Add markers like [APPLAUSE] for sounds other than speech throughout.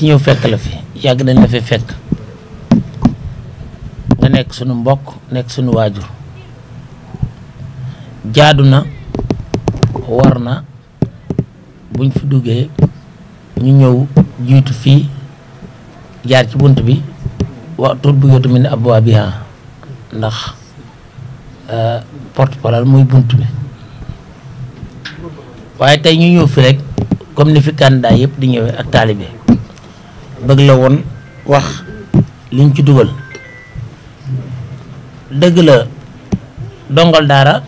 ci ñëw fekk la fi yàgg nañ la fi fekk nga nekk sunu mbokk nekk sunu waajur jaadu na war na buñ fi duggee ñu ñëw jiitu fi jaar ci bunt bi waxtu bu yootu min abwaabiha ndax euh, porte-parole muy bunt bi waaye tey ñu ñëw fi rek comme ni fi candidat yëpp di ñëwee ak taalibe bëgg la woon wax liñ ci dugal dëgg la dongal daara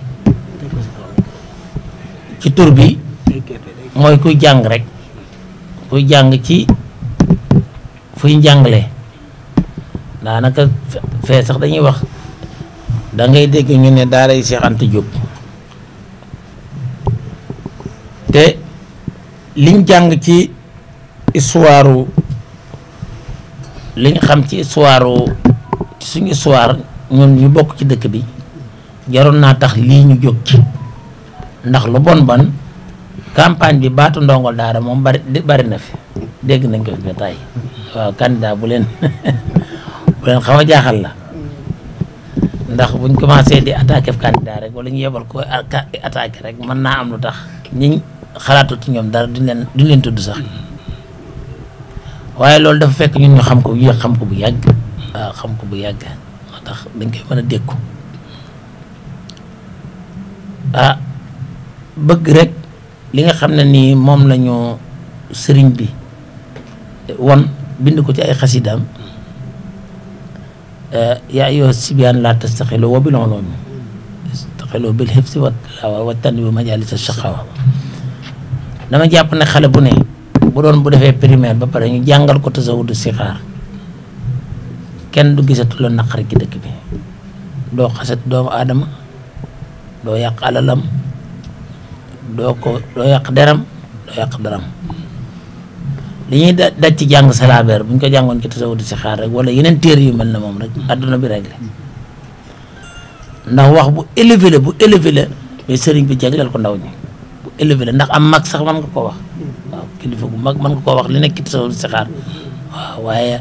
ci tur bi mooy kuy jàng rek kuy jàng ci fuy njàngale daanaka fee sax dañuy wax da ngay dégg ñu ne daaray seexante jóg Anta te liñ jàng ci histoire li ñu xam ci histoire suñu histoire ñu ñu bokk ci dëkk bi jaroon naa tax lii ñu jóg ci ndax lu bon bon campagne bi baatu ndongol daara moom bari na fi dégg nañ ko fi ba tey waaw candidat bu leen [LAUGHS] bu leen xaw a jaaxal la ndax buñ commencé di attaqué candidat rek wala ñu yebal ko attaqué rek mën naa am lu tax ñi xalaatu ci ñoom dara duñ leen duñ leen tudd sax waaye loolu dafa fekk ñun ñu xam ko ñu ko bu yàgg waaw xam ko bu yàgg moo tax dañ koy mën a dékku ah bëgg rek li nga xam ne nii moom la sëriñ bi won bind ko ci ay xasidaam eh, yaa ayyuha sibyaan laa tastaxiloo wa bil ulumi tastaxiloo bil hifsi wa tilaawa wa tanbi majalis ashaqawa dama jàpp ne xale bu ne bu doon bu defee primaire ba pare ñu jàngal ko tasawudu sixaar kenn du gisatu la naqari ki dëkk bi doo xaset doomu aadama doo yàq alalam doo ko doo yàq deram doo yàq daram li ñuy daj ci jàng salaabeer bu ñu ko jàngoon ci tasawudu sixaar rek wala yeneen téere yi mel na moom rek àdduna bi rek ndax wax bu élevé bu élevé la mais sëriñ bi jagleel ko ndaw ñi élevé ndax am mag sax mën nga koo wax waaw kilifa gu mag mën nga koo wax li nekk ci sa saxaar waaw waaye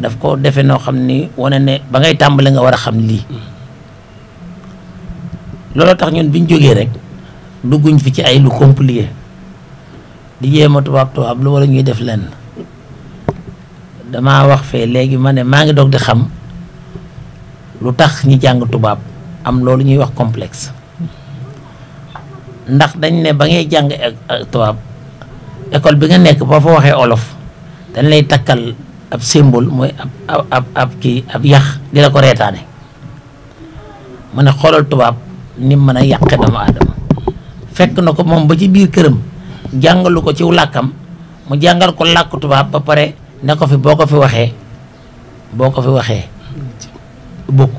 daf ko defe noo xam ni wane ne ba ngay tàmbali nga war a xam lii looloo tax ñun biñ jógee rek dugguñ fi ci ay lu compliqué di jéem a tubaab tubaab lu wala ñuy def leen damaa wax fee léegi ma ne maa ngi doog di xam lu tax ñi jàng tubaab am loolu ñuy wax complex ndax dañ ne ba ngay jàng e-, e-, tubaab école bi nga nekk boo fa waxee olof dañ lay takkal ab symbole mooy ab ab ab kii ab yax di la ko reetaane mu ne xoolal tubaab ni mën a yàqe doomu aadama fekk na ko moom ba ci biir këram jàngalu ko ci làkkam mu jàngal ko làkk tubaab ba pare ne ko fi boo ko fi waxee boo ko fi waxee bokk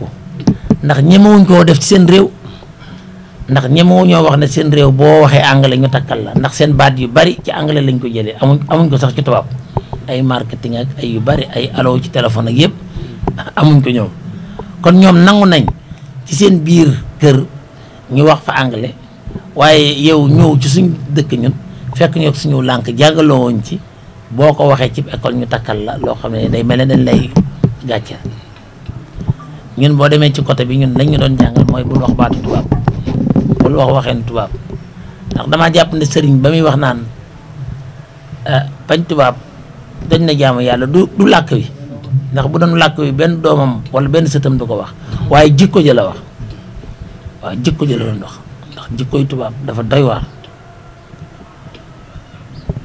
ndax ñemewuñ koo def seen réew ndax ñemewu ñoo wax ne seen réew boo waxee anglais ñu takkal la ndax seen baat yu bari ci anglais lañ ko jëlee amuñ amuñ ko sax ci tubaab ay marketing ak ay yu bari ay aloo ci téléphone ak yëpp amuñ ko ñoom kon ñoom nangu nañ ci seen biir kër ñu wax fa anglais waaye yow ñëw ci suñ dëkk ñun fekk ñoo suñu lànk jàngaloo woon ci boo ko waxee ci école ñu takkal la loo xam ne day mel ne dañ lay gàcce ñun boo demee ci côté bi ñun lañ ñu doon jàngal mooy bul wax baatu bul wax waxeen tubaab ndax damaa jàpp ne sëriñ ba muy wax naan pañ eh, tubaab dañ na jaamu yàlla du du làkk wi ndax bu doon làkk wi benn doomam wala benn sëtam du ko wax waaye jikko ja la wax waaw jikko ja doon wax ndax jikkoy tubaab dafa doy waar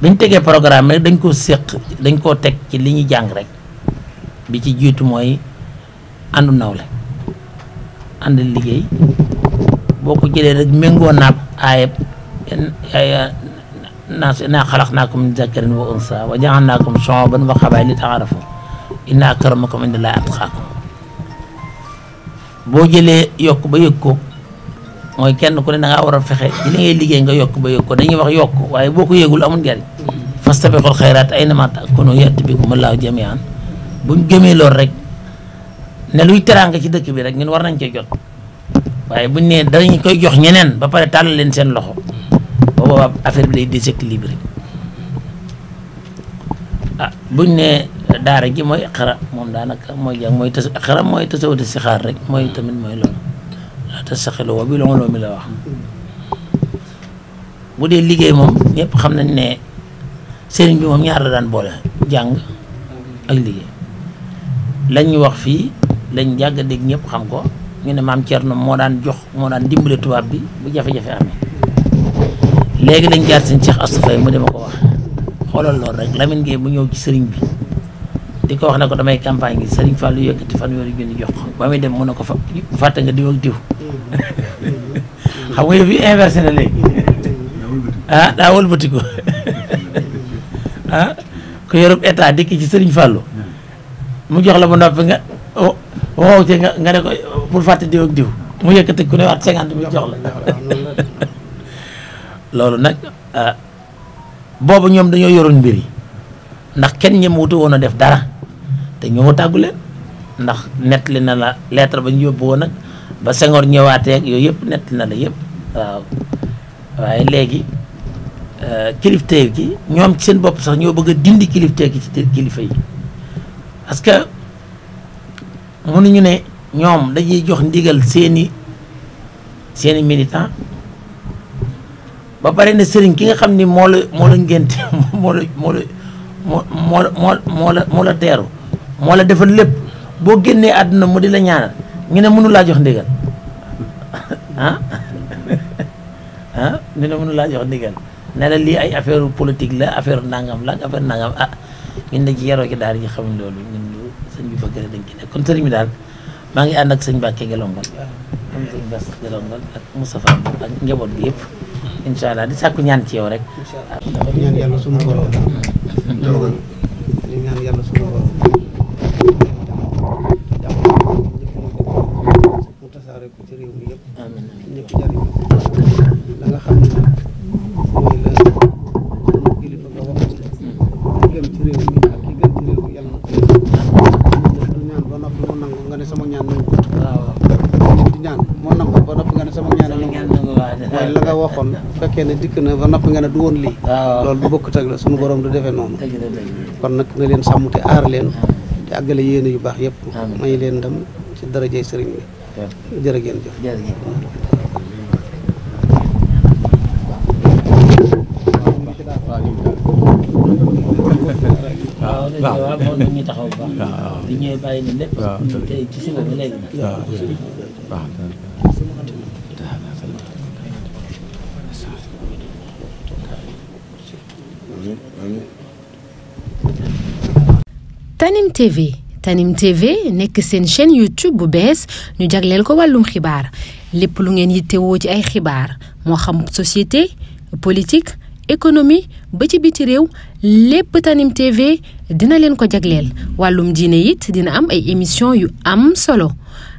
biñ tegee programme rek dañ koo séq dañ koo teg ci li ñuy jàng rek bi ci jiitu mooy àndu nawle ànd liggéey boo ko jëlee nag méngoo naab aayab naa innaa xalaqnaakum min zakarin wa unsa wa jaalnaakum shuuban wa qabaa'ila li taarafu inna akramakum indallaahi atqaakum boo jëlee yokk ba yëg ko mooy kenn ku ne da ngaa war fexe ci li ngay liggéey nga yokk ba yëg ko dañuy wax yokk waaye boo ko yëgul amul njariñ fastabiqul xayraat aynamaa takuunuu ya'ti bikumullaahu jamii'an bu gëmee lool rek ne luy nga ci dëkk bi rek ñun war nañ cee jot waaye buñ nee dañ koy jox ñeneen ba pare tàll leen seen loxo ba boobaa affaire bi day déséquilibré ah buñ nee daara ji mooy xara moom daanaka mooy jàng mooy tas xara mooy tasawuta si xaar rek mooy tamit mooy loolu la tas saxilu woo bi mi la wax bu dee liggéey moom ñëpp xam nañ ne sëriñ bi moom ñaar la daan boole jàng ak liggéey lañ wax fii lañ jàgg dégg ñëpp xam ko ñu ne maam Thierno moo daan jox moo daan dimbale tubaab bi bu jafe-jafe amee léegi lañ jaar seen Cheikh Astou Faye mu dema ko wax xoolal loolu rek Lamine Gueye mu ñëw ci sëriñ bi di ko wax ne ko damay campagne gi sëriñ Fallou yëkkati fanweeri junni jox ko ba muy ko fa fàtte nga diw ak diw xam nga yëf yi inversé na léegi ah daa wëlbati ko ah ku yorub état dikk ci sëriñ Fallou mu jox la ba noppi nga oh, wow nga ne ko bul fàtte diw ak diw mu yëkkati ku ne waat cinquante mille jox la [LAUGHS] loolu nag ah, boobu ñoom dañoo yoroon mbir yi ndax kenn ñemewutu woon a def dara te ñoo tàggu leen ndax nettali na la lettre ba ñu yóbbu woon nag ba Senghor ñëwaatee ak yooyu yëpp nettali na la yëpp waaw waaye léegi euh, kilifteef gi ñoom ci seen bopp sax ñoo bëgg a dindi kilifteef gi ci kilifa yi parce que mënuñu ne. ñoom dañuy jox ndigal seeni seeni militant ba bari ne sëriñ ki nga xam ni moo la moo la ngénte [LAUGHS] moo la moo la moo moo la teeru moo la defal lépp boo génnee àdduna mu di la ñaanal ñu ne mënu laa jox ndigal [LAUGHS] ah [LAUGHS] ah ñu ne mënu laa jox ndigal ne la lii ay affaire politique la affaire nangam la affaire nangam ah ñun dañ ci yaroo ci daal yi xamuñ loolu ñun lu sëñ bi bëgg dañ ki nekk kon sëriñ bi daal maa ngi ànd ak sëñ Mbàkke ke am sëñ Bass Gelongal ak Moustapha ak njaboot bi yëpp incha allah di sàkku ñaan ci yow rek. dafa ñaan yàlla suñu borom. di ci réew mi moo nangu ba noppi nga ne sama ñaan nangu mooy la nga waxoon [LAUGHS] fekkee ne dikk na ba nopp nga ne du woon lii loolu du bokk tag la suñu boroom du defe noonu kon nag na leen sàmm te aar leen te àggale yéene yu baax yëpp may leen ndam ci darajey sëriñ bi jërë ngeen taxaw bu Tanim TV nekk seen chaîne YouTube bu bees ñu jagleel ko wàllum xibaar lépp lu ngeen yittewoo ci ay xibaar moo xam société politik économie ba ci biti réew lépp Tanim TV dina leen ko jagleel wàllum diine it dina am ay emission yu am solo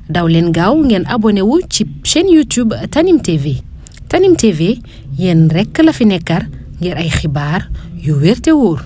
daw leen gaaw ngeen abonné ci chaîne YouTube Tanim TV Tanim TV yéen rekk la fi nekkar ngir ay xibaar yu wér te wóor